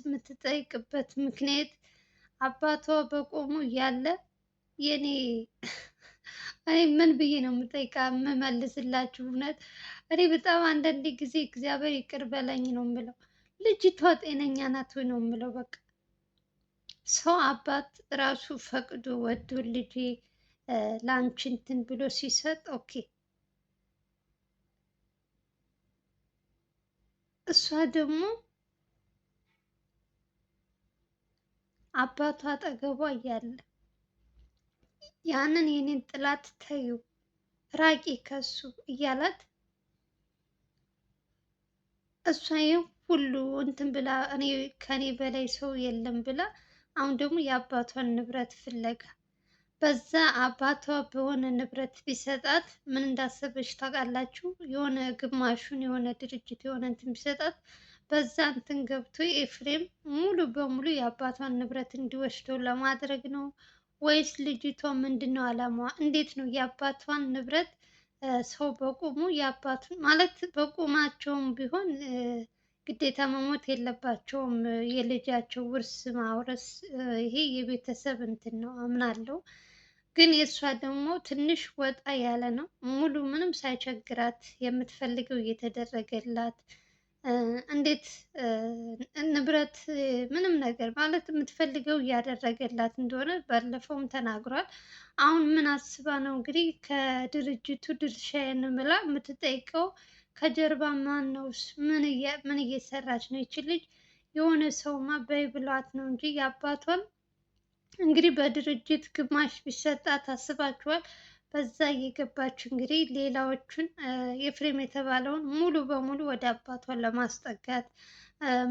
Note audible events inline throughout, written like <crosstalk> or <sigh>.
የምትጠይቅበት ምክንያት አባቷ በቆሙ እያለ የኔ <laughs> እኔ ምን ብዬ ነው የምጠይቃ የምመልስላችሁ? እውነት እኔ በጣም አንዳንድ ጊዜ እግዚአብሔር ይቅር በለኝ ነው የምለው። ልጅቷ ጤነኛ ናት ወይ ነው የምለው። በቃ ሰው አባት ራሱ ፈቅዶ ወዶ ልጄ ለአንቺ እንትን ብሎ ሲሰጥ ኦኬ። እሷ ደግሞ አባቷ አጠገቧ እያለ ያንን የኔን ጥላት ተዩ ራቂ ከሱ እያላት እሷ ይህ ሁሉ እንትን ብላ እኔ ከኔ በላይ ሰው የለም ብላ አሁን ደግሞ የአባቷን ንብረት ፍለጋ በዛ አባቷ በሆነ ንብረት ቢሰጣት ምን እንዳሰበች ታውቃላችሁ? የሆነ ግማሹን የሆነ ድርጅት የሆነ እንትን ቢሰጣት በዛ እንትን ገብቶ ኤፍሬም ሙሉ በሙሉ የአባቷን ንብረት እንዲወስደው ለማድረግ ነው ወይስ ልጅቷ ምንድን ነው እንዴት ነው የአባቷን ንብረት ሰው በቁሙ የአባቱን ማለት በቁማቸውም ቢሆን ግዴታ መሞት የለባቸውም። የልጃቸው ውርስ ማውረስ ይሄ የቤተሰብ እንትን ነው አምናለሁ። ግን የእሷ ደግሞ ትንሽ ወጣ ያለ ነው። ሙሉ ምንም ሳይቸግራት የምትፈልገው እየተደረገላት እንዴት ንብረት ምንም ነገር ማለት የምትፈልገው እያደረገላት እንደሆነ ባለፈውም ተናግሯል። አሁን ምን አስባ ነው እንግዲህ ከድርጅቱ ድርሻዬን ብላ የምትጠይቀው ከጀርባ ማን ነው? ምን እየሰራች ነው? ይች ልጅ የሆነ ሰውማ በይ ብሏት ነው እንጂ የአባቷን እንግዲህ በድርጅት ግማሽ ቢሰጣት አስባችኋል። በዛ እየገባችሁ እንግዲህ ሌላዎቹን ኤፍሬም የተባለውን ሙሉ በሙሉ ወደ አባቷ ለማስጠጋት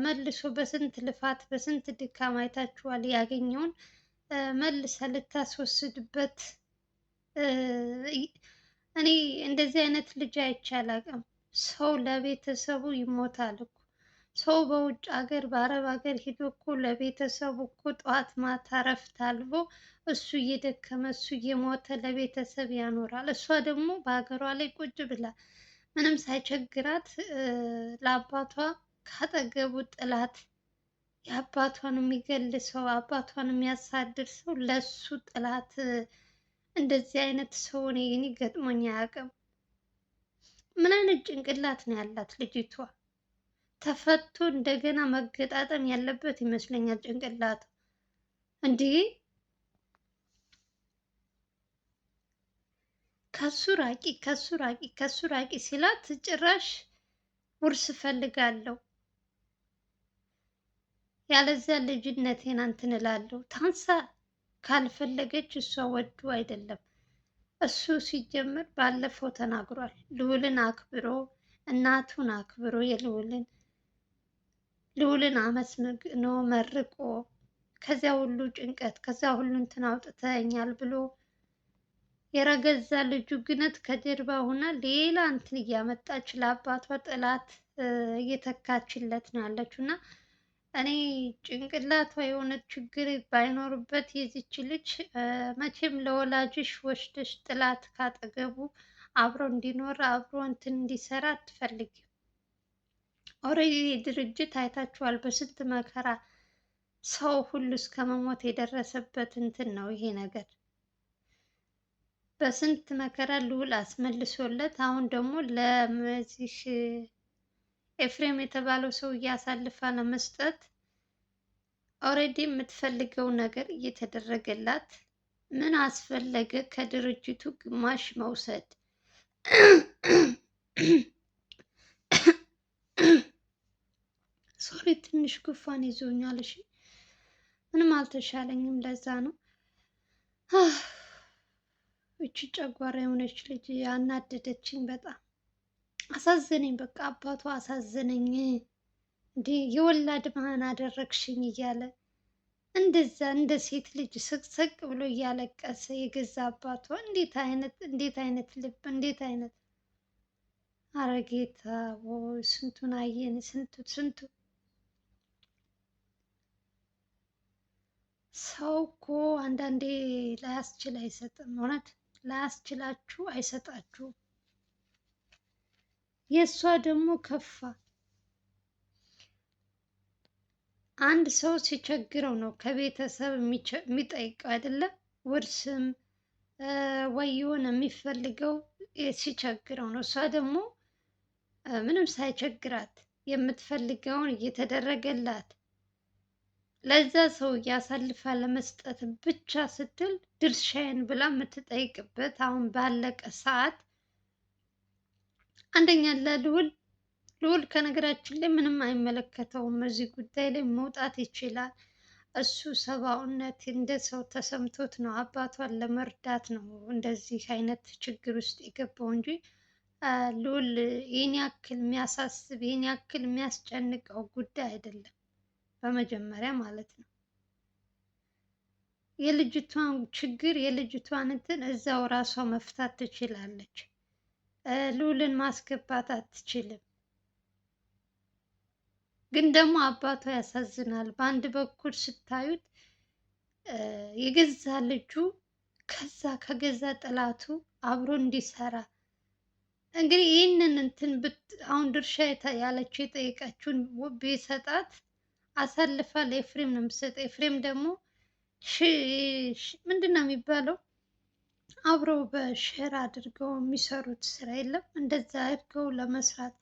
መልሶ በስንት ልፋት በስንት ድካም አይታችኋል። ያገኘውን መልሳ ልታስወስድበት። እኔ እንደዚህ አይነት ልጅ አይቼ አላውቅም። ሰው ለቤተሰቡ ይሞታል እኮ ሰው በውጭ ሀገር በአረብ ሀገር ሂዶ እኮ ለቤተሰቡ እኮ ጠዋት ማታ እረፍት አልቦ እሱ እየደከመ እሱ እየሞተ ለቤተሰብ ያኖራል። እሷ ደግሞ በሀገሯ ላይ ቁጭ ብላ ምንም ሳይቸግራት ለአባቷ ካጠገቡ ጥላት የአባቷን የሚገል ሰው አባቷን የሚያሳድር ሰው ለሱ ጥላት። እንደዚህ አይነት ሰው እኔ ገጥሞኝ አያውቅም። ምን አይነት ጭንቅላት ነው ያላት ልጅቷ? ተፈቶ እንደገና መገጣጠም ያለበት ይመስለኛል ጭንቅላቱ እንዲህ ከሱ ራቂ ከሱ ራቂ ከሱ ራቂ ሲላት ጭራሽ ውርስ እፈልጋለሁ ያለዚያ ልጅነቴን እንትን እላለሁ። ታንሳ ካልፈለገች እሷ ወዱ አይደለም። እሱ ሲጀምር ባለፈው ተናግሯል። ልዑልን አክብሮ እናቱን አክብሮ የልዑልን ልዑልን አመስግኖ መርቆ ከዚያ ሁሉ ጭንቀት ከዚያ ሁሉ እንትን አውጥተኛል ብሎ የረገዛ ልጁ ግነት ከጀርባ ሆና ሌላ እንትን እያመጣች ለአባቷ ጥላት እየተካችለት ነው ያለችው እና እኔ ጭንቅላቷ የሆነ ችግር ባይኖርበት የዚች ልጅ መቼም ለወላጅሽ ወስደሽ ጥላት ካጠገቡ አብሮ እንዲኖር አብሮ እንትን እንዲሰራ አትፈልጊም። ኦልሬዲ ድርጅት አይታችኋል። በስንት መከራ ሰው ሁሉ እስከ መሞት የደረሰበት እንትን ነው ይሄ ነገር። በስንት መከራ ልውል አስመልሶለት አሁን ደግሞ ለዚህ ኤፍሬም የተባለው ሰው እያሳልፋ ለመስጠት ኦልሬዲ የምትፈልገው ነገር እየተደረገላት ምን አስፈለገ ከድርጅቱ ግማሽ መውሰድ? ግን ትንሽ ጉፋን ይዞኛል። እሺ ምንም አልተሻለኝም፣ ለዛ ነው። እቺ ጨጓራ የሆነች ልጅ ያናደደችኝ በጣም አሳዘነኝ። በቃ አባቱ አሳዘነኝ። እንዴ የወላድ መሀን አደረግሽኝ እያለ እንደዛ እንደ ሴት ልጅ ስቅስቅ ብሎ እያለቀሰ የገዛ አባቷ እንዴት አይነት እንዴት አይነት ልብ እንዴት አይነት አረጌታ ወይ ስንቱን አየን ስንቱ ስንቱ ሰው እኮ አንዳንዴ ላያስችል አይሰጥም። እውነት ላያስችላችሁ አይሰጣችሁም። የእሷ ደግሞ ከፋ። አንድ ሰው ሲቸግረው ነው ከቤተሰብ የሚጠይቀው አይደለም። ውርስም ወይ የሆነ የሚፈልገው ሲቸግረው ነው። እሷ ደግሞ ምንም ሳይቸግራት የምትፈልገውን እየተደረገላት ለዛ ሰው አሳልፋ ለመስጠት ብቻ ስትል ድርሻዬን ብላ የምትጠይቅበት አሁን ባለቀ ሰዓት አንደኛ ለልውል ልውል ከነገራችን ላይ ምንም አይመለከተውም። እዚህ ጉዳይ ላይ መውጣት ይችላል። እሱ ሰብአውነት እንደ ሰው ተሰምቶት ነው አባቷን ለመርዳት ነው እንደዚህ አይነት ችግር ውስጥ የገባው እንጂ ልውል ይህን ያክል የሚያሳስብ ይህን ያክል የሚያስጨንቀው ጉዳይ አይደለም። በመጀመሪያ ማለት ነው። የልጅቷን ችግር የልጅቷን እንትን እዛው ራሷ መፍታት ትችላለች። ልዑልን ማስገባት አትችልም። ግን ደግሞ አባቷ ያሳዝናል። በአንድ በኩል ስታዩት የገዛ ልጁ ከዛ ከገዛ ጠላቱ አብሮ እንዲሰራ እንግዲህ ይህንን እንትን አሁን ድርሻ ያለችው የጠየቀችውን ቢሰጣት አሳልፋ ለኤፍሬም ነው የምትሰጠው። ኤፍሬም ደግሞ ምንድን ነው የሚባለው አብረው በሸር አድርገው የሚሰሩት ስራ የለም። እንደዛ አድርገው ለመስራት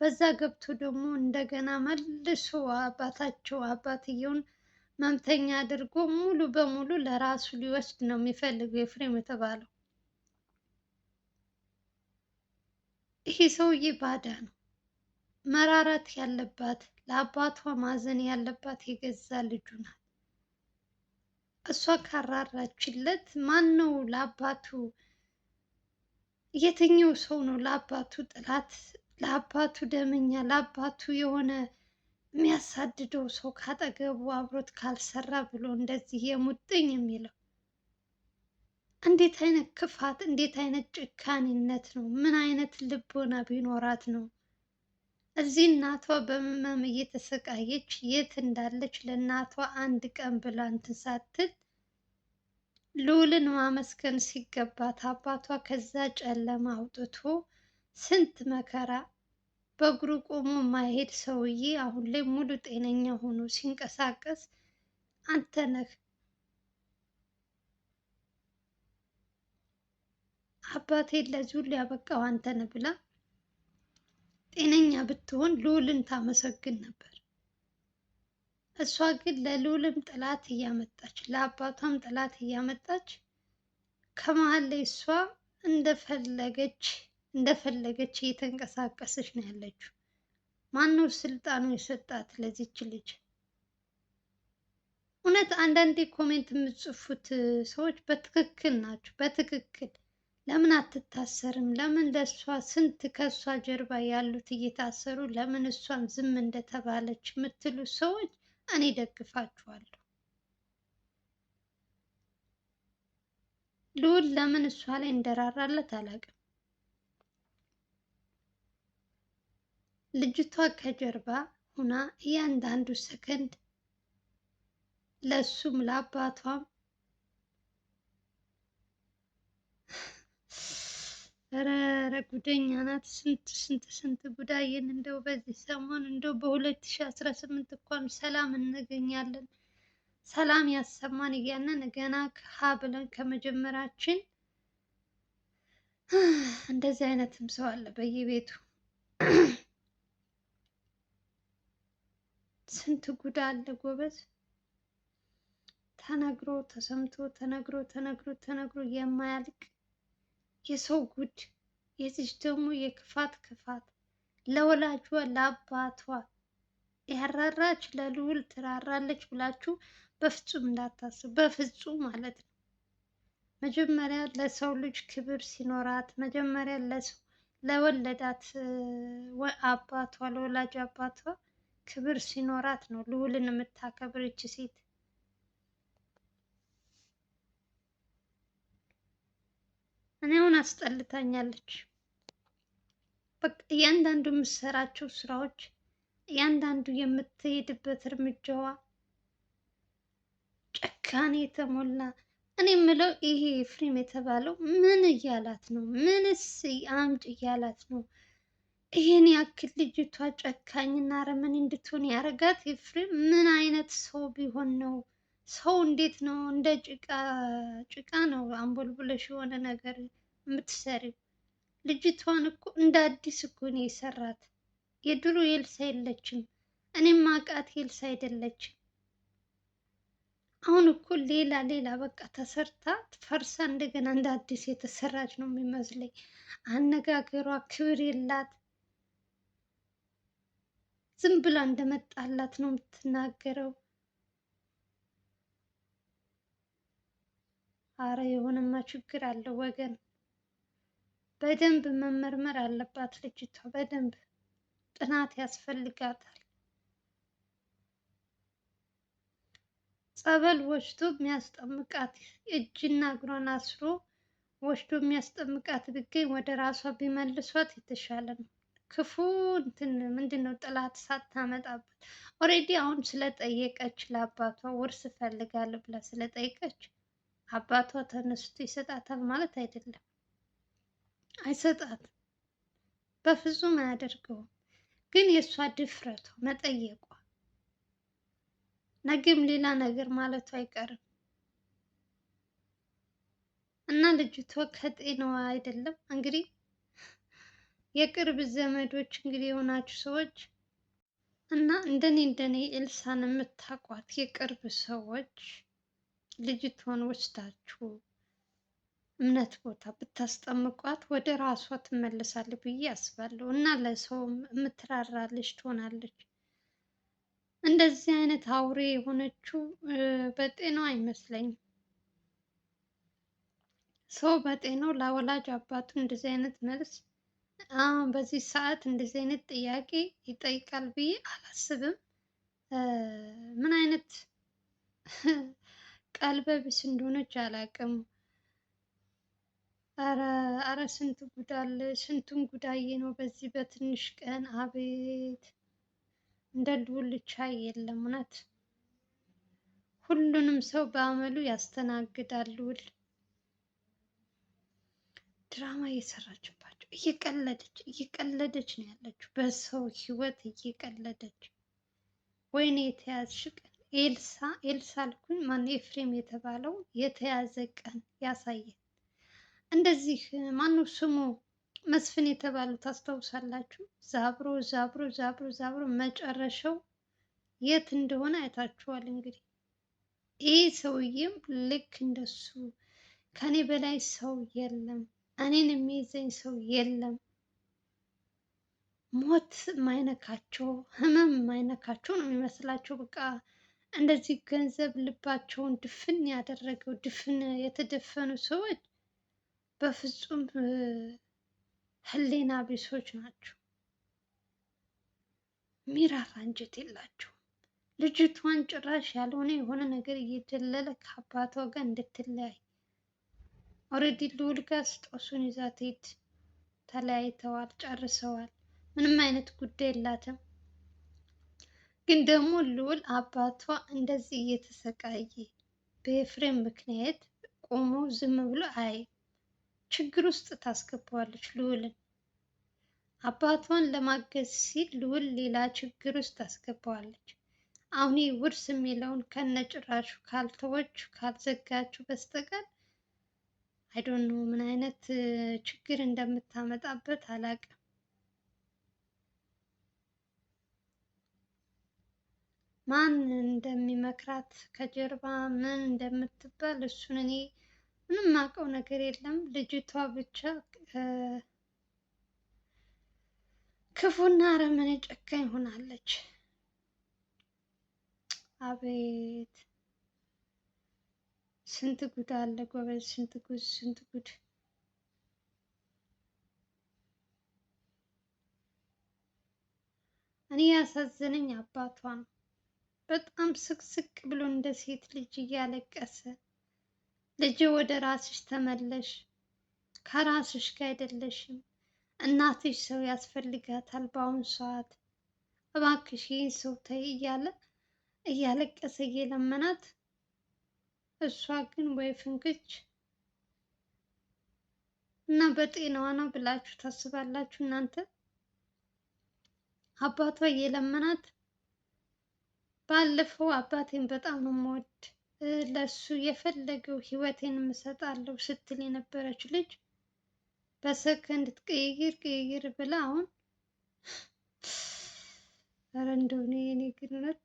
በዛ ገብቶ ደግሞ እንደገና መልሶ አባታቸው አባትየውን መምተኛ አድርጎ ሙሉ በሙሉ ለራሱ ሊወስድ ነው የሚፈልገው ኤፍሬም የተባለው። ይሄ ሰውዬ ባዳ ነው። መራራት ያለባት ለአባቷ ማዘን ያለባት የገዛ ልጁ ናት። እሷ ካራራችለት ማን ነው ለአባቱ? የትኛው ሰው ነው ለአባቱ ጥላት፣ ለአባቱ ደመኛ፣ ለአባቱ የሆነ የሚያሳድደው ሰው ካጠገቡ አብሮት ካልሰራ ብሎ እንደዚህ የሙጥኝ የሚለው? እንዴት አይነት ክፋት፣ እንዴት አይነት ጭካኔነት ነው? ምን አይነት ልቦና ቢኖራት ነው እዚህ እናቷ በህመም እየተሰቃየች የት እንዳለች ለእናቷ አንድ ቀን ብላ እንትን ሳትል ልዑልን ማመስገን ሲገባት አባቷ ከዛ ጨለማ አውጥቶ ስንት መከራ በእግሩ ቆሞ ማሄድ ሰውዬ አሁን ላይ ሙሉ ጤነኛ ሆኖ ሲንቀሳቀስ አንተ ነህ። አባቴ ለዚሁ ሊያበቃው አንተ ነህ ብላ ጤነኛ ብትሆን ልዑልን ታመሰግን ነበር። እሷ ግን ለልዑልም ጠላት እያመጣች ለአባቷም ጠላት እያመጣች ከመሀል ላይ እሷ እንደፈለገች እንደፈለገች እየተንቀሳቀሰች ነው ያለችው። ማነው ስልጣኑ የሰጣት ለዚች ልጅ? እውነት አንዳንዴ ኮሜንት የምትጽፉት ሰዎች በትክክል ናቸው። በትክክል ለምን አትታሰርም? ለምን ለእሷ ስንት ከእሷ ጀርባ ያሉት እየታሰሩ ለምን እሷም ዝም እንደተባለች የምትሉ ሰዎች እኔ ደግፋችኋለሁ። ልዑል ለምን እሷ ላይ እንደራራለት አላውቅም። ልጅቷ ከጀርባ ሁና እያንዳንዱ ሰከንድ ለእሱም ለአባቷም ኧረ ጉደኛ ናት! ስንት ስንት ስንት ጉዳይን እንደው በዚህ ሰሞን እንደው በ2018 እንኳን ሰላም እንገኛለን ሰላም ያሰማን እያለን ገና ሀ ብለን ከመጀመራችን እንደዚህ አይነትም ሰው አለ በየቤቱ። ስንት ጉዳ አለ ጎበዝ። ተነግሮ ተሰምቶ ተነግሮ ተነግሮ ተነግሮ የማያልቅ የሰው ጉድ! የልጅ ደግሞ የክፋት ክፋት! ለወላጇ ለአባቷ ያራራች ለልዑል ትራራለች ብላችሁ በፍጹም እንዳታስቡ፣ በፍጹም ማለት ነው። መጀመሪያ ለሰው ልጅ ክብር ሲኖራት፣ መጀመሪያ ለሰው ለወለዳት አባቷ ለወላጅ አባቷ ክብር ሲኖራት ነው ልዑልን የምታከብር ይች ሴት። እኔ አሁን አስጠልታኛለች። በቃ እያንዳንዱ የምትሰራቸው ስራዎች፣ እያንዳንዱ የምትሄድበት እርምጃዋ ጨካኔ የተሞላ እኔ የምለው ይሄ ፍሬም የተባለው ምን እያላት ነው? ምንስ አምጭ እያላት ነው? ይህን ያክል ልጅቷ ጨካኝና አረመኔ እንድትሆን ያደረጋት ፍሬም ምን አይነት ሰው ቢሆን ነው? ሰው እንዴት ነው እንደ ጭቃ ጭቃ ነው አንቦልቡለሽ የሆነ ነገር የምትሰሪው? ልጅቷን እኮ እንደ አዲስ እኮ ነው የሰራት። የድሮ የልሳ የለችም። እኔም ማቃት የልስ አይደለችም። አሁን እኮ ሌላ ሌላ በቃ ተሰርታ ፈርሳ እንደገና እንደ አዲስ የተሰራች ነው የሚመስለኝ። አነጋገሯ ክብር የላት። ዝም ብላ እንደመጣላት ነው የምትናገረው። አረ የሆነማ ችግር አለ ወገን። በደንብ መመርመር አለባት ልጅቷ፣ በደንብ ጥናት ያስፈልጋታል። ጸበል ወስዶ የሚያስጠምቃት እጅና እግሯን አስሮ ወስዶ የሚያስጠምቃት ቢገኝ ወደ ራሷ ቢመልሷት የተሻለ ነው። ክፉ እንትን ምንድን ነው ጥላት ሳታመጣበት ኦሬዲ አሁን ስለጠየቀች ለአባቷ ውርስ እፈልጋለሁ ብላ ስለጠየቀች አባቷ ተነስቶ ይሰጣታል ማለት አይደለም። አይሰጣትም፣ በፍጹም አያደርገውም። ግን የእሷ ድፍረቷ መጠየቋ፣ ነገም ሌላ ነገር ማለቱ አይቀርም እና ልጅቷ ከጤናዋ አይደለም እንግዲህ የቅርብ ዘመዶች እንግዲህ የሆናችሁ ሰዎች እና እንደኔ እንደኔ ኤልሳን የምታውቋት የቅርብ ሰዎች ልጅቷን ወስዳችሁ እምነት ቦታ ብታስጠምቋት ወደ ራሷ ትመለሳለች ብዬ አስባለሁ። እና ለሰውም ልጅ ትሆናለች። እንደዚህ አይነት አውሬ የሆነችው በጤናው አይመስለኝም። ሰው በጤናው ለወላጅ አባቱ እንደዚህ አይነት መልስ አሁን በዚህ ሰዓት እንደዚህ አይነት ጥያቄ ይጠይቃል ብዬ አላስብም። ምን አይነት ቀልበቢስ እንደሆነች አላውቅም። አረ ስንት ጉዳለ ስንቱን ጉዳዬ ነው በዚህ በትንሽ ቀን አቤት! እንደ ዱልቻ የለም እውነት። ሁሉንም ሰው በአመሉ ያስተናግዳል። ውል ድራማ እየሰራችባቸው እየቀለደች እየቀለደች ነው ያለችው፣ በሰው ህይወት እየቀለደች። ወይኔ የተያዝሽ ቀን ኤልሳ ኤልሳ አልኩኝ ማነው ኤፍሬም የተባለው የተያዘ ቀን ያሳየን። እንደዚህ ማነው ስሙ መስፍን የተባለው ታስታውሳላችሁ? ዛብሮ ዛብሮ ዛብሮ ዛብሮ መጨረሻው የት እንደሆነ አይታችኋል። እንግዲህ ይህ ሰውዬም ልክ እንደሱ ከኔ በላይ ሰው የለም፣ እኔን የሚይዘኝ ሰው የለም፣ ሞት ማይነካቸው ህመም ማይነካቸው ነው የሚመስላቸው በቃ እንደዚህ ገንዘብ ልባቸውን ድፍን ያደረገው ድፍን የተደፈኑ ሰዎች በፍጹም ሕሊና ቢሶች ናቸው። ሚራራ አንጀት የላቸውም። ልጅቷን ጭራሽ ያልሆነ የሆነ ነገር እየደለለ ከአባቷ ጋር እንድትለያይ ኦልሬዲ ልዑል ጋር ስጦሱን ይዛ ተለያይተዋል፣ ጨርሰዋል። ምንም አይነት ጉዳይ የላትም። ግን ደግሞ ልዑል አባቷ እንደዚህ እየተሰቃየ በኤፍሬም ምክንያት ቆሞ ዝም ብሎ አይ ችግር ውስጥ ታስገባዋለች ልዑልን። አባቷን ለማገዝ ሲል ልዑል ሌላ ችግር ውስጥ ታስገባዋለች። አሁን ውርስ የሚለውን ከነጭራሹ ካልተወች ካልዘጋችሁ በስተቀር አይዶን ምን አይነት ችግር እንደምታመጣበት አላውቅም። ማን እንደሚመክራት ከጀርባ ምን እንደምትባል እሱን እኔ ምንም ማውቀው ነገር የለም። ልጅቷ ብቻ ክፉና አረመኔ ጨካኝ ሆናለች። አቤት ስንት ጉድ አለ ጎበዝ! ስንት ጉድ ስንት ጉድ! እኔ ያሳዘነኝ አባቷ ነው። በጣም ስቅስቅ ብሎ እንደ ሴት ልጅ እያለቀሰ ልጄ ወደ ራስሽ ተመለሽ፣ ከራስሽ ጋር አይደለሽም፣ እናትሽ ሰው ያስፈልጋታል በአሁኑ ሰዓት፣ እባክሽ ይህን ሰው ተይ እያለ እያለቀሰ እየለመናት፣ እሷ ግን ወይ ፍንክች እና በጤናዋ ነው ብላችሁ ታስባላችሁ እናንተ? አባቷ እየለመናት ባለፈው አባቴን በጣም ነው የምወድ ለሱ የፈለገው ህይወቴን እሰጣለሁ ስትል የነበረች ልጅ በሰከንድ ቅይር ቅይር ብላ አሁን ኧረ <sighs> እንደሆነ የኔ ግን እውነት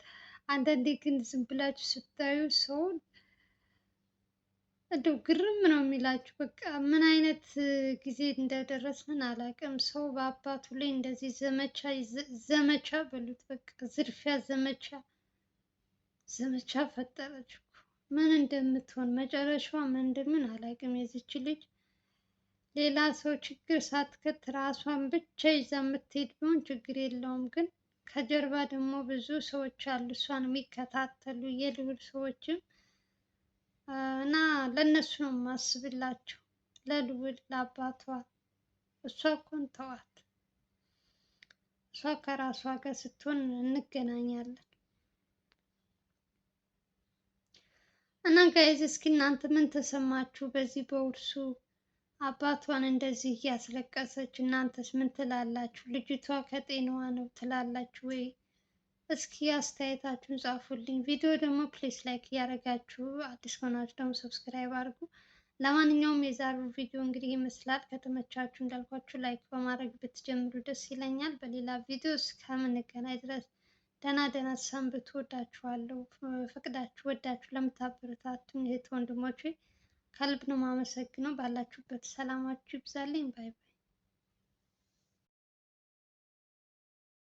አንዳንዴ ግን ዝም ብላችሁ ስታዩ ሰውን እንደው ግርም ነው የሚላችሁ። በቃ ምን አይነት ጊዜ እንደደረስን አላውቅም። ሰው በአባቱ ላይ እንደዚህ ዘመቻ ዘመቻ በሉት በቃ ዝርፊያ ዘመቻ ዘመቻ ፈጠረች። ምን እንደምትሆን መጨረሻዋ ምን እንደምን አላውቅም። የዚች ልጅ ሌላ ሰው ችግር ሳትከት ራሷን ብቻ ይዛ የምትሄድ ቢሆን ችግር የለውም። ግን ከጀርባ ደግሞ ብዙ ሰዎች አሉ እሷን የሚከታተሉ የልዑል ሰዎችም እና ለእነሱ ነው የማስብላቸው ለልዑል ለአባቷ። እሷ ኮን ተዋት። እሷ ከራሷ ጋር ስትሆን እንገናኛለን። እና ጋይዝ እስኪ እናንተ ምን ተሰማችሁ? በዚህ በውርሱ አባቷን እንደዚህ እያስለቀሰች እናንተስ ምን ትላላችሁ? ልጅቷ ከጤናዋ ነው ትላላችሁ ወይ? እስኪ አስተያየታችሁን ጻፉልኝ። ቪዲዮ ደግሞ ፕሌስ ላይክ እያደረጋችሁ አዲስ ከሆናችሁ ደግሞ ሰብስክራይብ አድርጉ። ለማንኛውም የዛሬው ቪዲዮ እንግዲህ ይመስላል። ከተመቻችሁ እንዳልኳችሁ ላይክ በማድረግ ብትጀምሩ ደስ ይለኛል። በሌላ ቪዲዮ እስከምንገናኝ ድረስ ደህና ደህና ሰንብቱ። ወዳችኋለሁ። ፍቅዳችሁ፣ ወዳችሁ ለምታበረታቱኝ እህት ወንድሞቼ ከልብ ነው የማመሰግነው። ባላችሁበት ሰላማችሁ ይብዛልኝ። ባይ ባይ።